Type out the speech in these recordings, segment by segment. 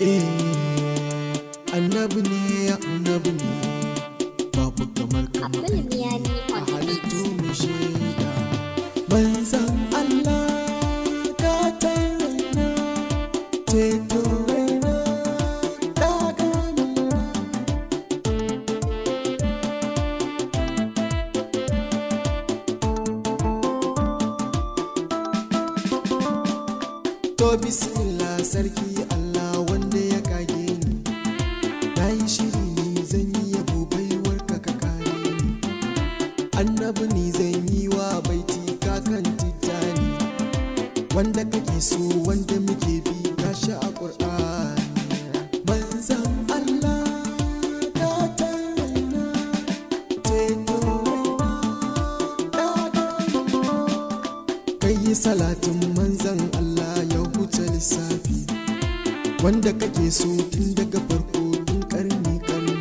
Eh, annabi ne ya annabi ne babu kamar kamar a mu Allah ka tarina to bismillah sarki Allah wanda ya kage ni na yi shiri ne zan yi yabo baiwar ka ka kare ni annabi ne zan yi wa baiti kakan tijjani wanda kake so wanda muke bi shi a ƙur'ani manzan Allah salatin manzan lissafi wanda kake so tun daga farko tun karni karni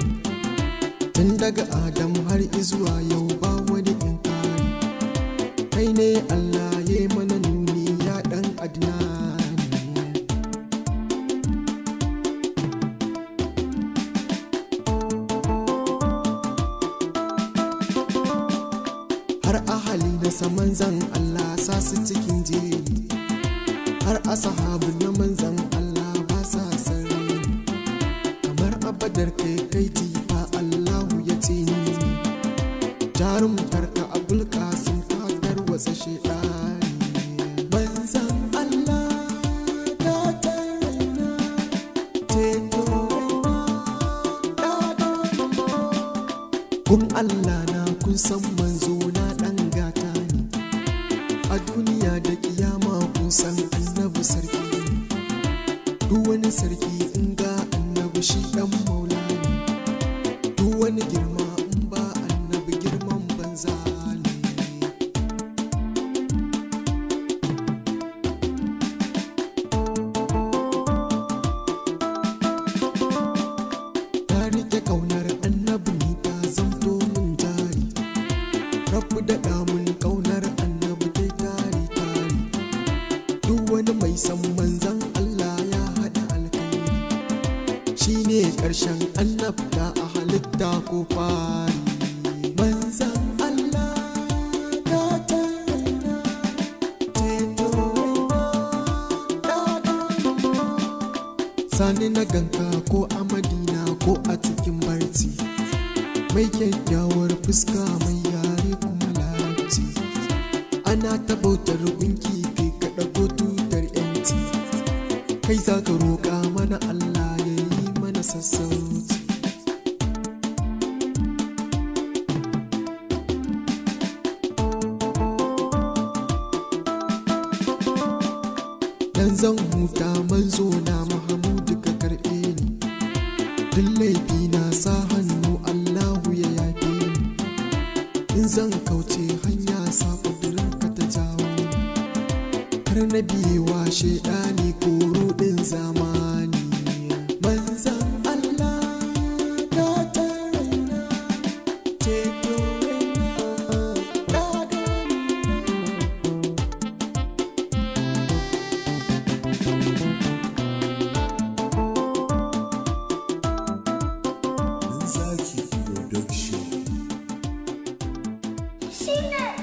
tun daga adam har izuwa yau ba wani in kare kai ne allah ya mana nuni ya dan adnani har ahali na saman zan allah sa cikin jeri har asahabu na manzan Allah ba sa sarri kamar abadar kai kai tifa Allahu ya ce ni jarum karka abul kasim ta tarwatsa shedani manzan Allah ta kun Allah na kun san manzo na dan gata ne a duniya da kiyama kun san duk wani sarki in ga annabi shi dan maula ne duk wani girma in ba annabi girman banza ne ta rike ƙaunar annabi ta zamto min jari rabu da ƙarshen annabta a halitta ko fari sani na ganka ko a madina ko a cikin barci mai kyakkyawar fuska mai yare kuma larabci ana ta gunki kai kaɗa ko tutar yanci kai za ka roƙa mana Allah sassauci dan zan huta manzo na mahamudu ka karɓe ni duk laifi na sa hannu allahu ya yafe ni in zan kauce hanya sa kudurin ka ta jawo ni kar na biyewa shaidani ko ruɗin zama Şimdi